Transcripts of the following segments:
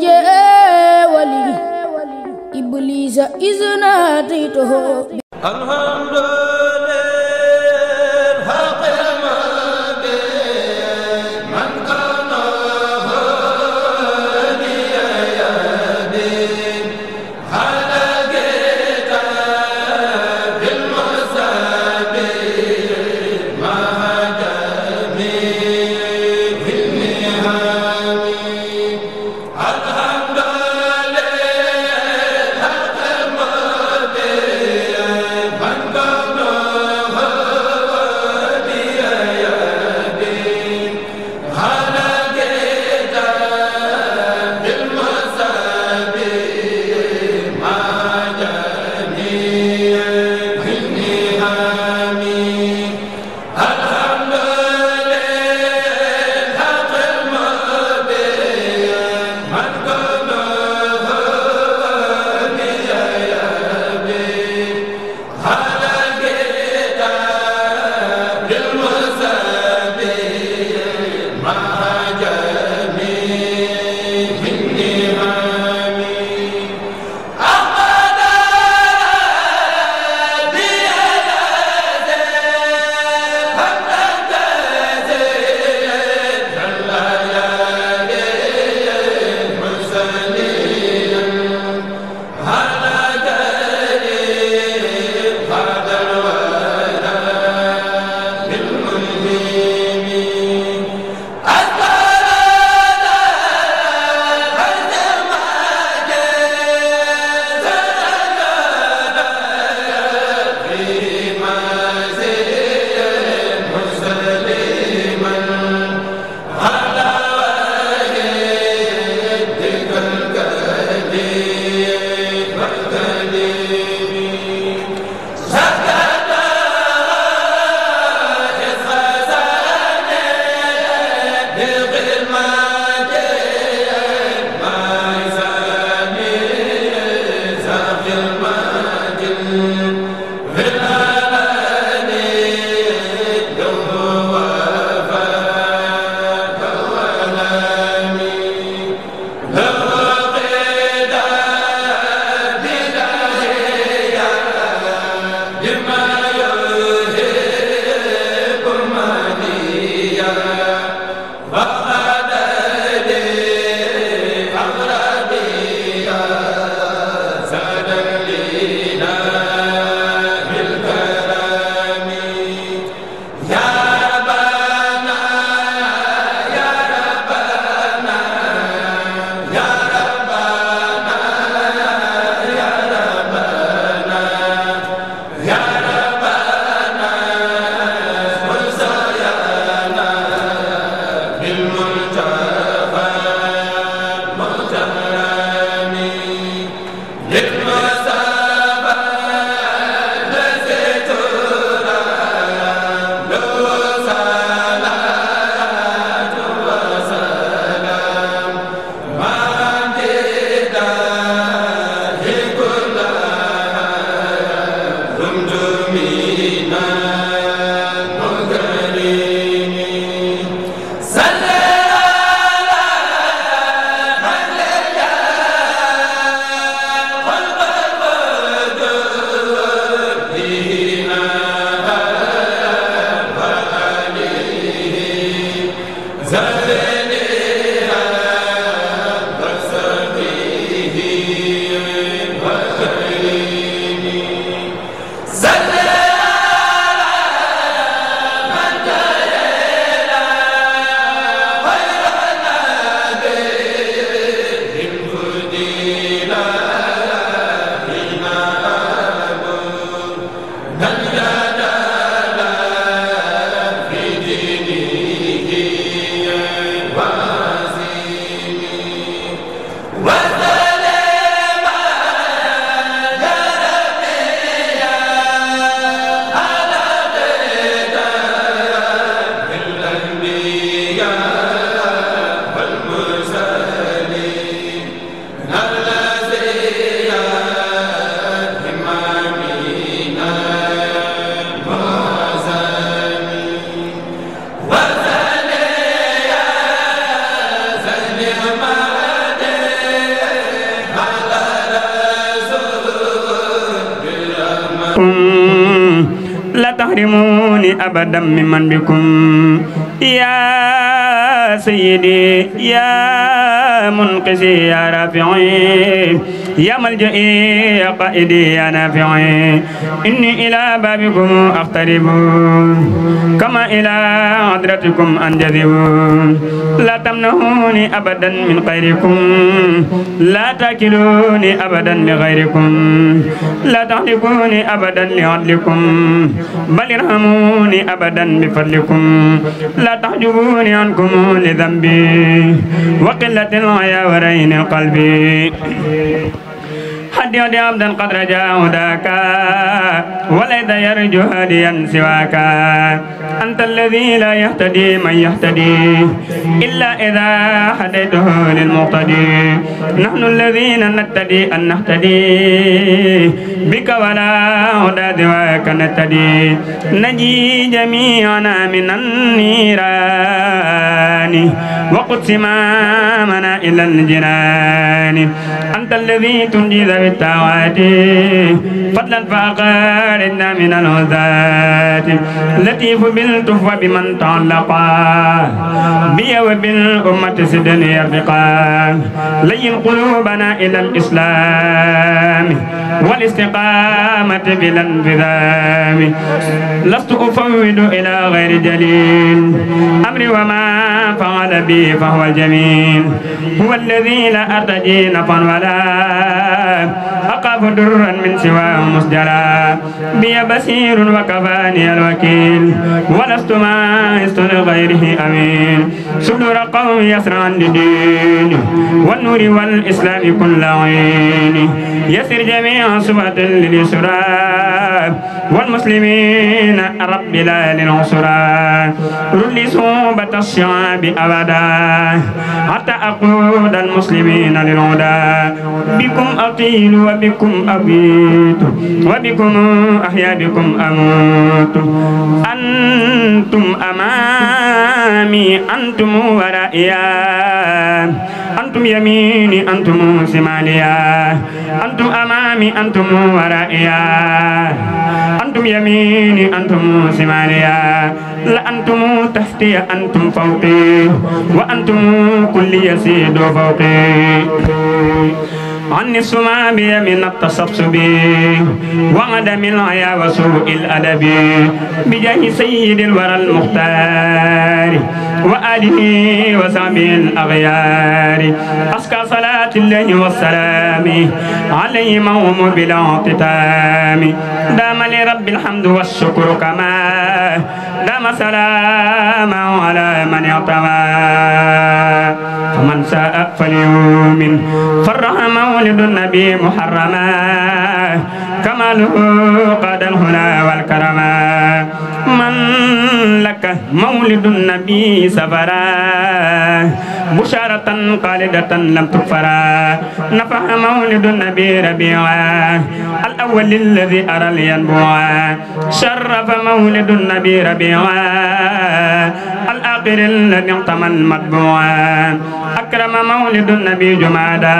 jeewali iblisa isna taytuhu ودم من بكم يا سيدي يا منقذي يا رافعي يا ملجئي يا قائدي يا نافعي إني إلى بابكم أقترب كما إلى حضرتكم أنجذب لا تمنعوني أبدا من خيركم لا تاكلوني أبدا لغيركم لا تحلقوني أبدا لعدلكم بل ارحموني أبدا بفضلكم لا تحجبوني عنكم لذنبي وقلة الحياة ورين القلب قد يدي عبدا قد رجاه ذاك وليس يرجو هاديا سواك أنت الذي لا يهتدي من يهتدي إلا إذا هديته للمقتدي نحن الذين نهتدي أن نهتدي بك ولا هدى سواك نهتدي نجي جميعنا من النيران وقد سمامنا إلى الجنان أنت الذي تنجي التوادي فضلا فأقارنا من الهداة لطيف بالتف وبمن تعلقا بي وبالأمة سدن يرتقا لين قلوبنا إلى الإسلام والاستقامة بلا انفذام لست أفوض إلى غير جليل أمري وما فعل بي فهو جميل هو الذي لا أرتجي نفا ولا أقف درا من سواه مسجلا بي بصير وكفاني الوكيل ولست مائست لغيره أمين صدور قوم يسرا عن الدين والنور والإسلام كل عين يسر جميع صفة للإسراب والمسلمين رب لا للعسرى رل صوبة الشعاب أبدا حتى أقود المسلمين للعدا بكم أطيل وبكم أبيت وبكم أحيا بكم أموتم أنتم أمامي أنتم ورائيا أنتم يميني أنتم شماليا أنتم أمامي أنتم ورائيا أنتم يميني أنتم شماليا لأنتم تحتي أنتم فوقي وأنتم كل يسيد فوقي عن السمام من التصبصب وعدم العيا وسوء الأدب بجاه سيد الورى المختار وآله وسامي الأغيار أسكى صلاة الله والسلام عليه موم بلا اقتتام دام لرب الحمد والشكر كما دام سلاما على من اعتمى من ساء فليؤمن فرح مولد النبي محرما كماله قاد الهنا والكرما من لك مولد النبي سفرا بشارة قالدة لم تكفرا نفع مولد النبي ربيعا الأول الذي أرى الينبوعا شرف مولد النبي ربيعا الآخر الذي اعتمى المتبوعا أكرم مولد النبي جمادا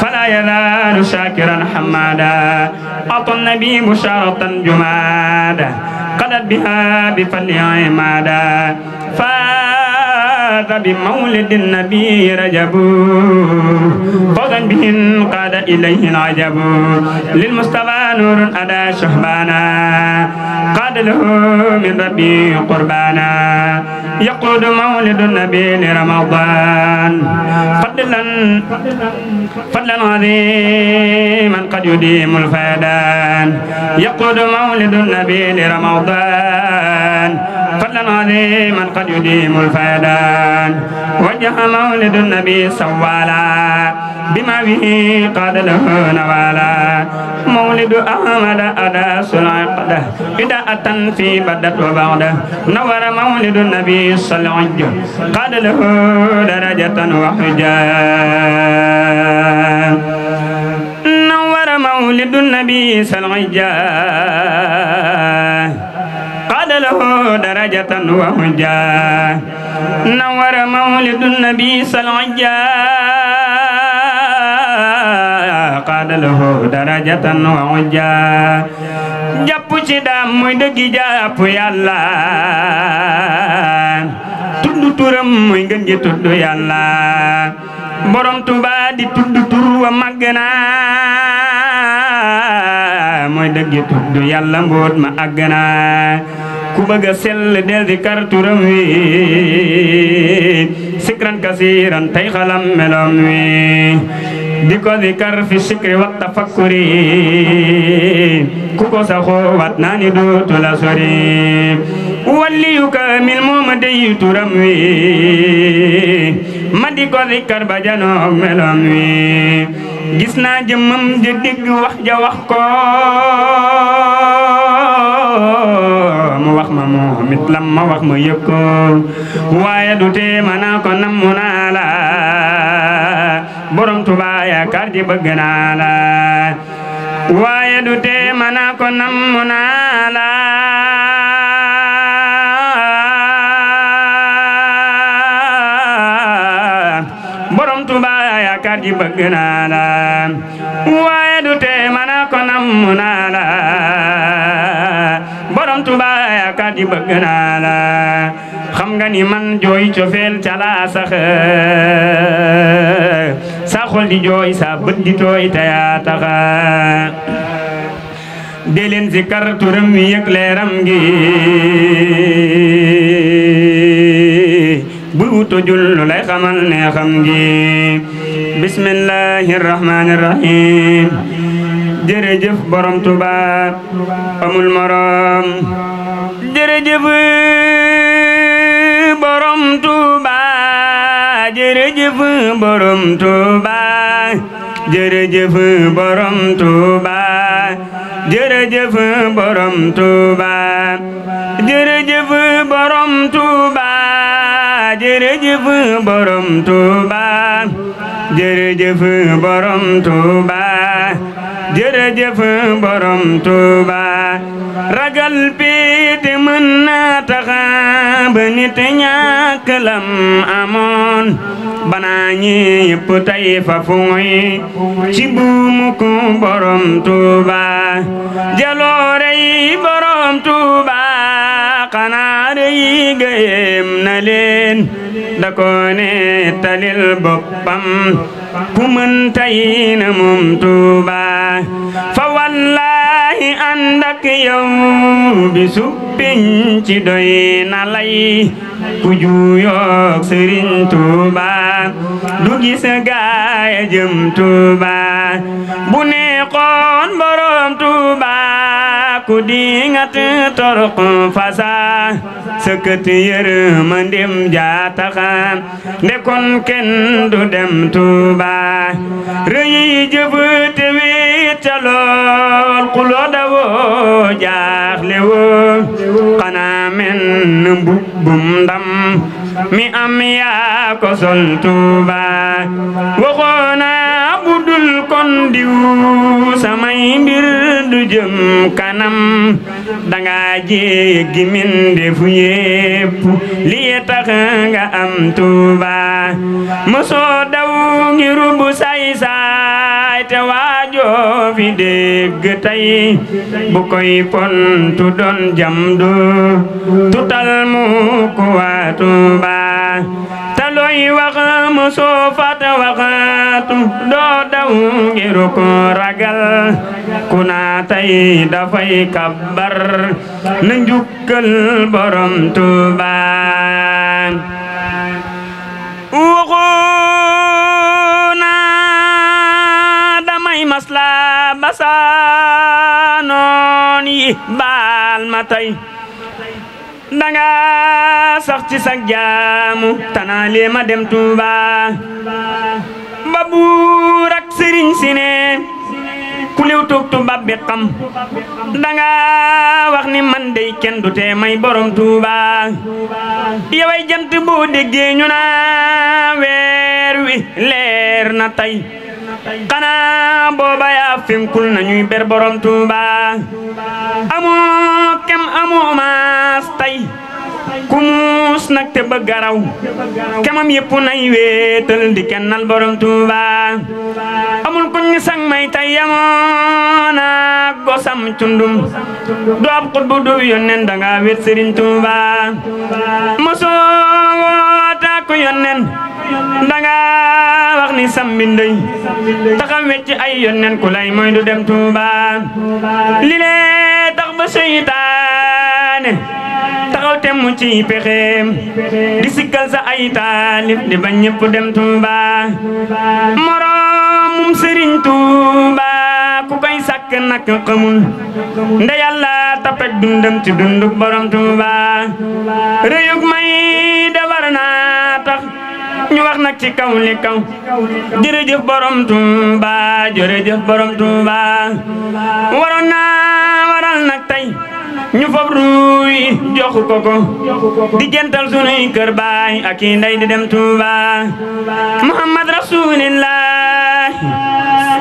فلا يزال شاكرا حمادا أعطى النبي بشارة جمادا قدت بها بفضل عمادا فا فاز بمولد النبي رجب فوزا به انقاد إليه العجب للمصطفى نور أدى شهبانا قاد له من ربي قربانا يقود مولد النبي لرمضان فضلا فضلا عظيما قد يديم الفيدان يقود مولد النبي لرمضان فضلا عظيما قد يديم الفيدان القرآن وجعل مولد النبي سوالا بما به قد له نوالا مولد أحمد أداس العقدة إذا أتى في بدت وبعده نور مولد النبي صلى الله عليه وسلم قد له درجة وحجة مولد النبي سلعجا قال له درجة وهجا نور مولد النبي صلى الله عليه وسلم قاد له درجة وعجا جاب شدام مدقي جاب يالا تدو ترم مدقي تدو يالا borom tuba di tudd tur wa màgg naa mooy dëgg tudd yàlla mbóot ma àgg naa ku bëgg sell del di karturam wi sikran kasiran tey xalam melom wi di ko fi sikri wa tafakkuri ku ko saxoo wat naa ni dootu la walliyu kaamil moo ma dey turam wi ma di ko ba janoog melom wi gis naa jëmmam ji digg wax ja wax ko ma wax waaye du tee borom Tuubaa yaakaar ji waaye du tee ma naa borom Tuubaa yaakaar ji waaye du tee ma naa bëgg naa la xam nga ni man jooy cofeel ca laa sax sa xol di jooy sa bët di tooy te yaa tax dee leen si kar turam wi yëg leeram gi bu tojul lu lay xamal ne xam gi bismillahi rahmaani rahim jërëjëf borom Tuubaa amul morom jërëjëf borom Touba jërëjëf borom Touba jërëjëf borom Touba jërëjëf borom Touba jërëjëf borom Touba jërëjëf borom Touba jërëjëf borom Touba jërëjëf borom Touba ragal taxa ba nit ñàkk lam amoon banaa ñépp tay fa fuŋuy ci buumu borom tuuba jaloore borom tuuba xanaare yi gëyeem na leen da koo talil boppam ku na moom tuuba fa walla ñi ànd ak yow bisu pinc doy na lay ku juyook Sëriñ Tuuba du gis jëm Tuuba bu neexoon borom Tuuba ku dingat torok fasa sëkkët yërmandim jaataxaan nde kon kenn du dem Tuuba rëyi jëf te wéet ca lool xuloo jaaxle woo xanaa men mbubbum ndam mi am yaa ko sol Tuuba waxoona man kon diw samay mbir jëm kanam danga jéeg gi min defu yépp li tax nga am tuuba mosoo daw ngi rubu say saay te waajoo fi dégg tey bu koy pontu doon jam du tutal mu ku waa tuuba te looy wax mosoo fat waxatu doot daw ngir ku ragal ku naa tey dafay kabbar na njukkal borom Tuuba waxoona damay masla basaanoon yi baal ma tey danga sax ci sag jaamu tanaa lema dem Tuuba ba buur ak sëriñ si ne ku liw tuub tubaab bi xam danga wax ni man dey kenn du tee may borom tuuba yoway jant boo déggee ñu naa weer wi leer na tey xanaa booba yaa finkul nañuy ber borom tuuba amoo kem amoo maas tey ku muus nag te bëgg a raw kemam yëpp nay wéetal di kennal borom Tuuba amul ku ñu sang may tay yamoon gosam cundum du ab xutbu du yónneen danga wéet Sëriñ Tuuba mosoo wootaa ku yónneen danga wax ni sambindey taxam wecc ay yónneen ku lay mooy du dem Tuuba li lee tax ba seytaane mu ciy pexeem di sikkal sa ay di ba ñëpp dem Tuuba moroomum sëriñ Tuuba ku koy sàkk nak xamul nda yàlla tapet dundam ci dunduk borom Tuuba rëyug may da war naa tax ñu wax nag ci kaw li kaw jërëjëf borom Tuuba jërëjëf borom Tuuba waroon naa waral nag tey ñu fab ruuy jox ko ko di jental sunuy kër baay ak i ndey di dem Tuuba Muhammad Rasulillah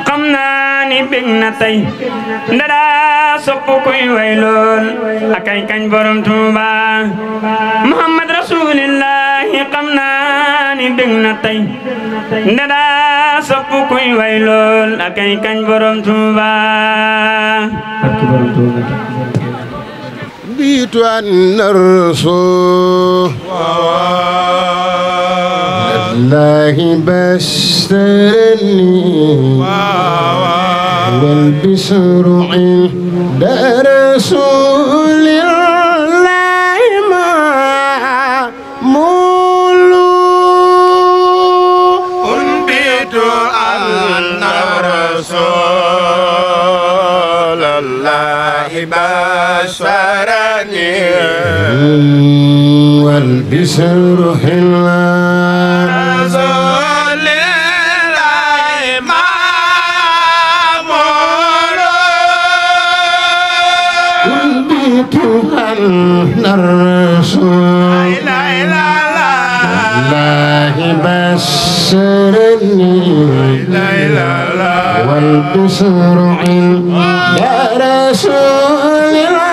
xam naa ni bég na tey ndada sopp koy way lool ak ay kañ borom Tuuba Muhammad Rasulillah xam naa ni bég na tey ndada sopp koy way lool ak ay kañ borom Tuuba أبيت أن الرسول الله بشرني والبشر عند رسول الله والبشر حلا زول الإمام قلبيتها النرس لا إله الله بشرني لا إله والبشر عند رسول الله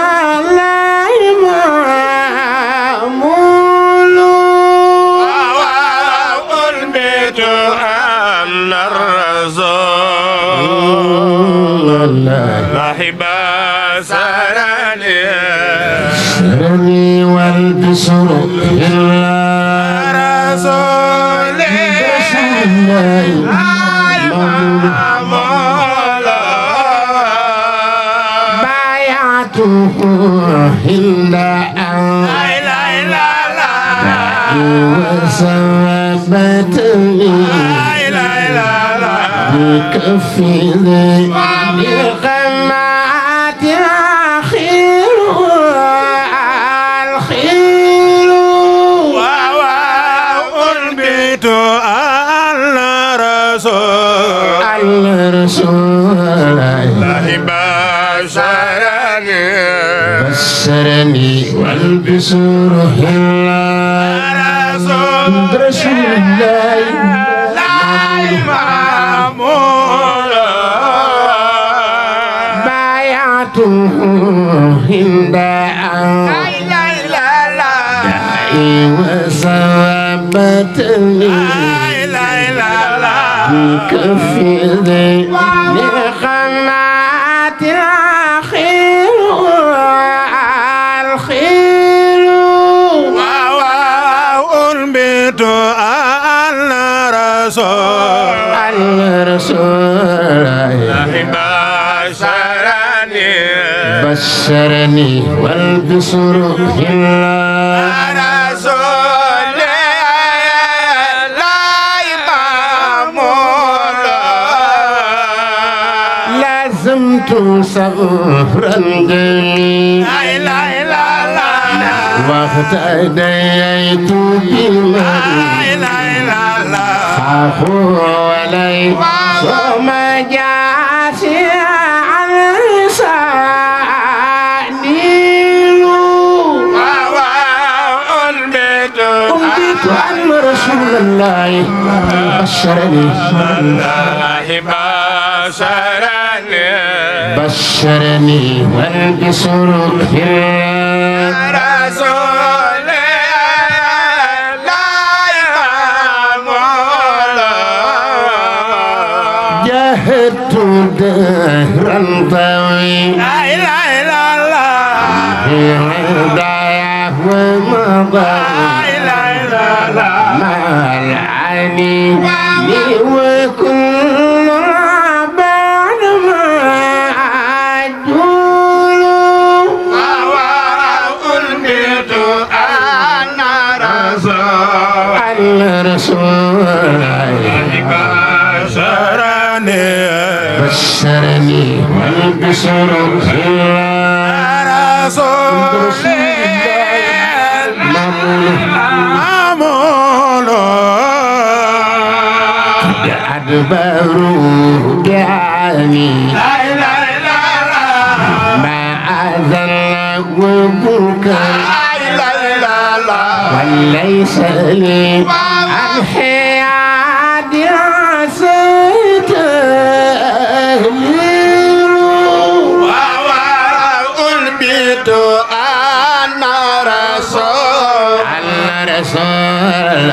والله راحب سرني سرني والبشر إلا رسول بايعته إلا أن لا إله إلا الله وسببتني لا إله إلا الله بكفي بالقمات الخير الخير وأنبت أن رسول أن رسول الله بشرني بشرني والبس روح الله رسول الله لا إله داء لا لا لا داء وصابتني لا لا لا بكفي ذي بشرني والبس روح الله لازمت صبرا جميلا وقت أديت بما فهو علي وما جاسر الله بشرني الله بشرني بشرني والبس ركبي شهدت دهرا طويلا لا اله الا الله في وداع ومضى الرسول بشرني بشرني والبشر رسول معمول قد أدبروا دعاني ما أذن وبكر وليس لي الحياد عسيت وأنبت أن رسول أن رسول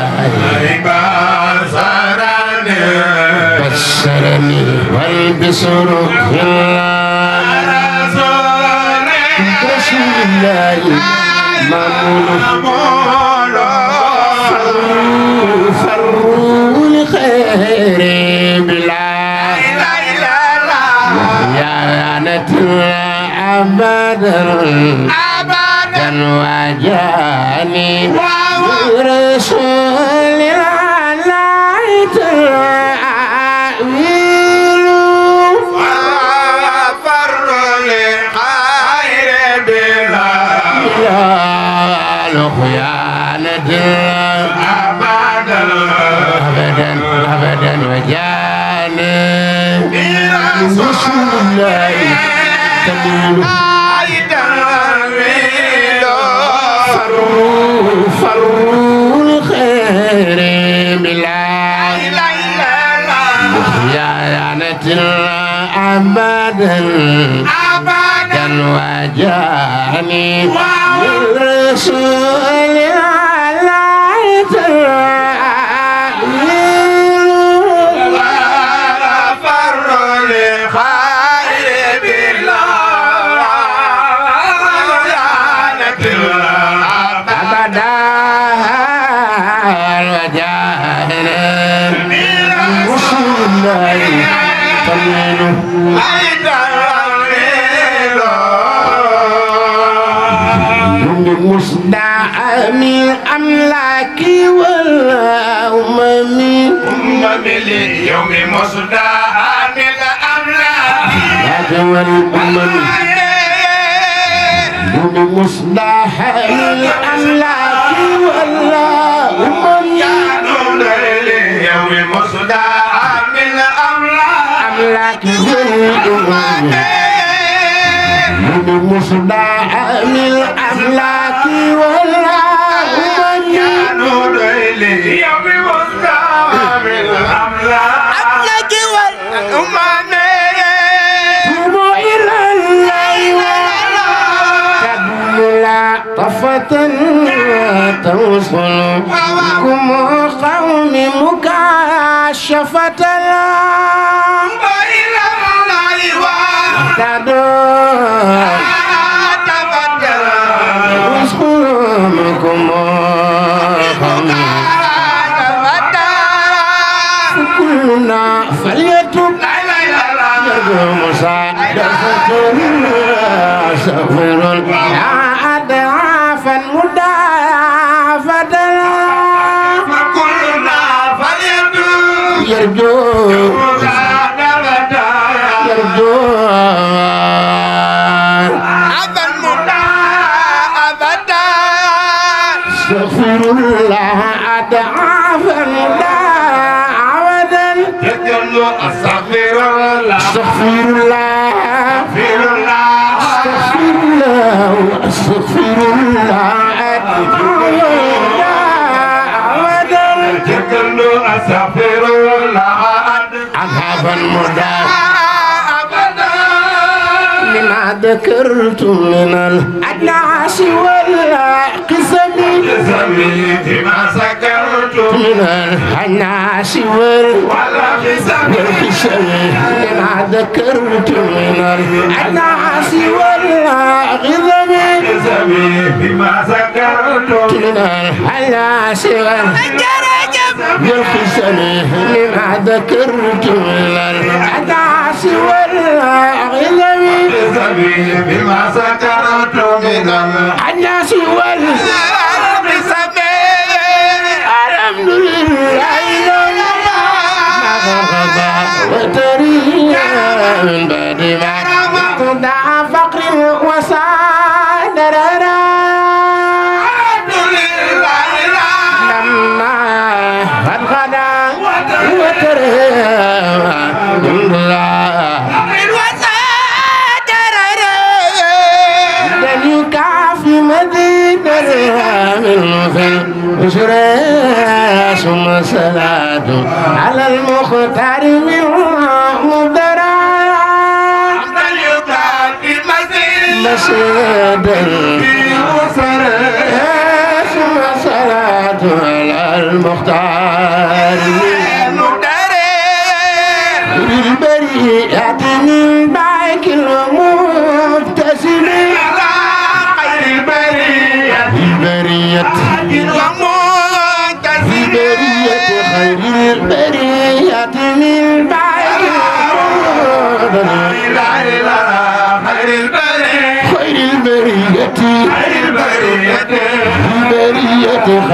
بصرني بشرني والبشر في الله رسول الله مامون فروا لخير بلا يا نتوى أبدا أبدا وجاني رسول الله تأويل وفر لخير بلا يا لخيانة من رسول الله تنال فروا فروا الخير ملاد خيانة أبدا أبدا وجاني والرسول الدول أمن وبمصداح الأملاك والله أمن يا نور اليوم مصداح من أملاك والأمن وبمصداح الأملاك والله أمن يا نور اليوم مصداح من أملاك حكم القوم مكاشفة استغفر الله جدل استغفر الله عذابا مدى لما ذكرت من العدناش والقسم ويغر الناس ور في شيء ما ذكرت من الناس والله غضبي بما ذكرت من الناس ور بالخسني لما ذكرت من العداس والغضبي بما سكرت من العداس والغضبي تريا من بعد ما تدع فقر وسادرنا لما أدخنا وترى بشرى ثم صلاة على المختار من شبل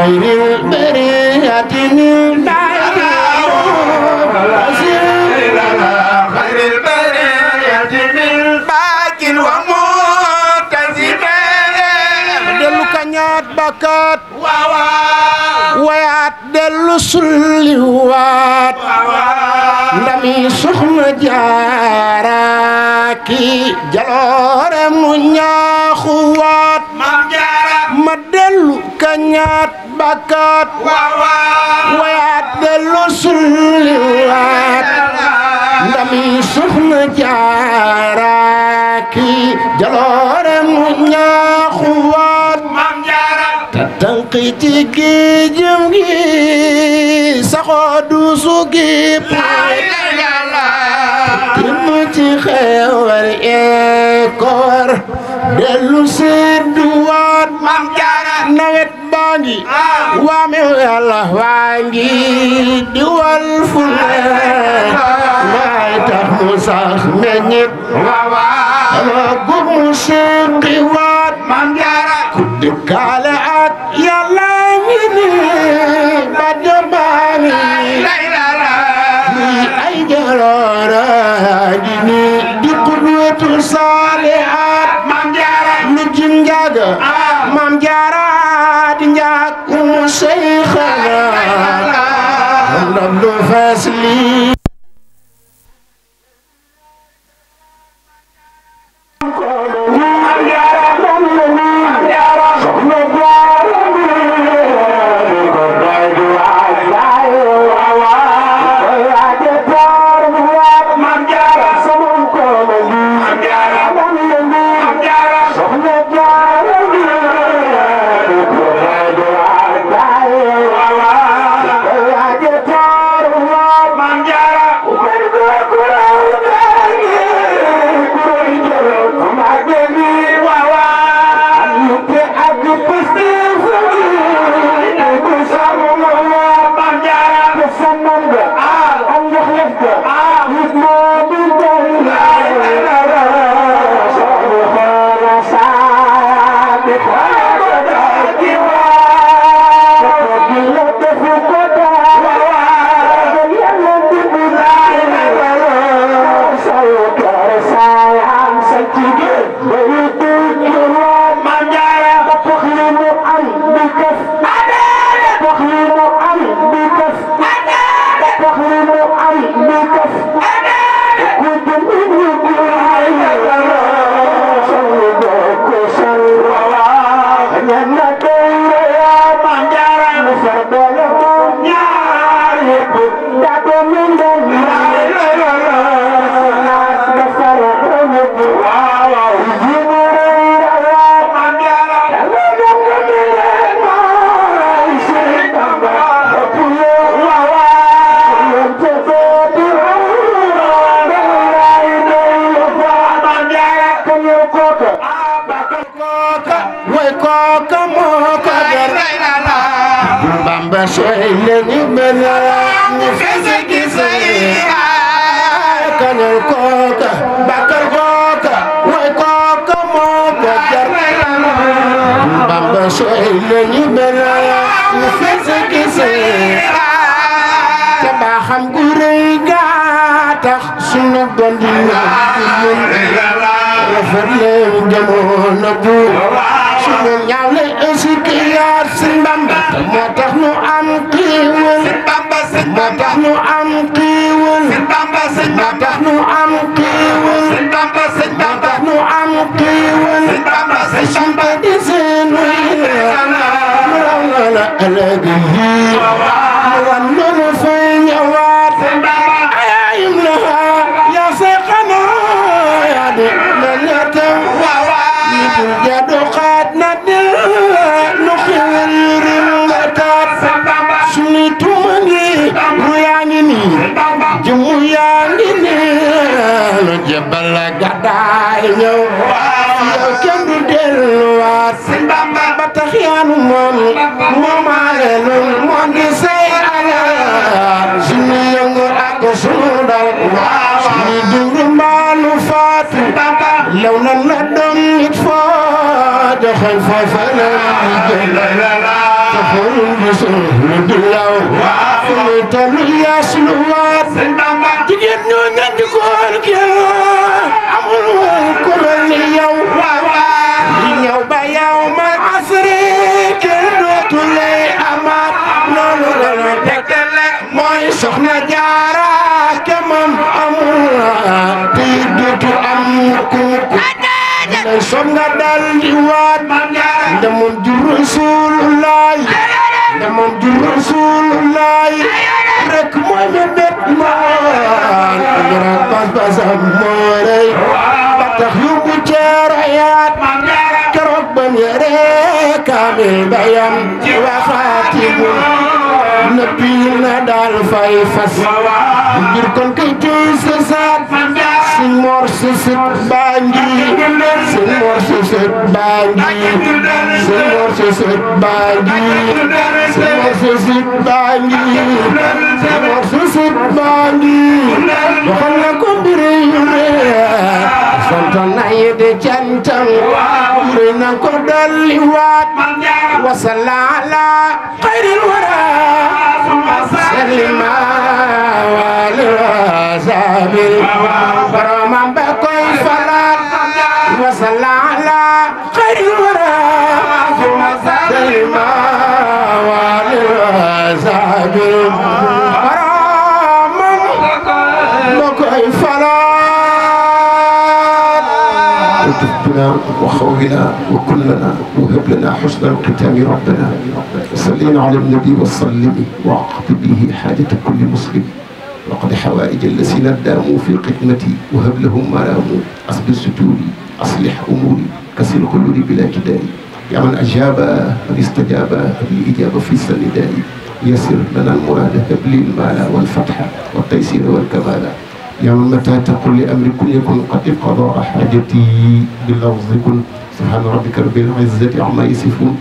خير البرية من بعد خير البرية من باك ومنتزم دلو كنيات بكات ويات دلو سلوات ndami soxna jaara ki jaloore mu ñaaxuwaat ma dellu kañaat bakkat wayaat dellu sulliwaat ndami soxna jaaraaki jaloore mu ñaaxuwaat ta tanqi ci géejëm gi saxoo duusu gi ومن الله وانجي دول فلان ما تخمصخ منك وقم شقوات من جارك كدك على شوين يبنى نفسك سيئة كان الكوكا بكر كوكا وكوكا موكا بابا شوين يبنى نفسك سيئة تبا خمقريقا تخشن بلنا رفر لهم جمعون نبو شنو يعلي اسكيات Bamba moo tax nu am xiiwal sëñ Bamba sëñ moo tax nu am xiiwal sëñ Bamba sëñ moo tax am xiiwal sëñ Bamba sëñ moo tax am xiiwal sëñ Bamba sëñ Bamba di seen wéy ala ala ala di ñëw yow kenn du delluwaat sëñ Bamba ba tax yaanu moom moomaale nun moom di say alal suñu yëngu ak suñu dal suñu dundu mbaalu faatu law na la doom nit foo joxoñ foofa la taxawul bisu lu dulaw lu talu yaas lu waat jigéen ñoo ñandi koon nay som nga dal di waat ju rasulullah ndamoon ju rasulullah rek mooy me bet maan ngara pas pasam moorey ba tax yóbbu ceero yaat keroog ban yere kaamil bayam ci waxaatimu na daal fay fas ngir kon kay tey sa saat mor susu baa ngi sëñ mor susu baa ngi sëñ mor susu baa ngi sëñ mor susu baa ngi sëñ mor susu baa ngi waxal na ko mbiri yu rëy sant na yéede cantam mbiri na ko dolli waat wasala ala xayril wara salima wali wa sabil أمواتنا وخونا وكلنا وهب لنا حسن الختام ربنا صلينا على النبي وسلم واقض به حاجة كل مسلم وقد حوائج الذين داموا في قدمتي وهب لهم ما راموا أصب سجودي أصلح أموري كسر قلوبي بلا كدائي يا من أجاب من استجاب بالإجابة في سندائي يسر لنا المراد هب لي المال والفتح والتيسير والكمال yow mata taqul li amri kun yakun qad iqada hajati bi lafzi kun subhana rabbika rabbil izzati amma yasifun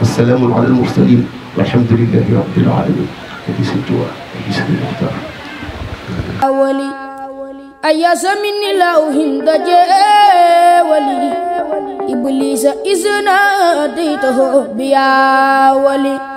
assalaamu ala al mursalin walhamdulillahi rabbil alamin adi sëñ Tuubaa adi sëñ Muxtaar awali ayasa minni law hinda jeewali iblisa isna daytahu biya wali